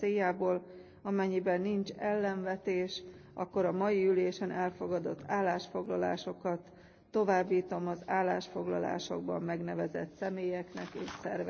céljából amennyiben nincs ellenvetés akkor a mai ülésen elfogadott állásfoglalásokat továbbtom az állásfoglalásokban megnevezett személyeknek és szerveknek.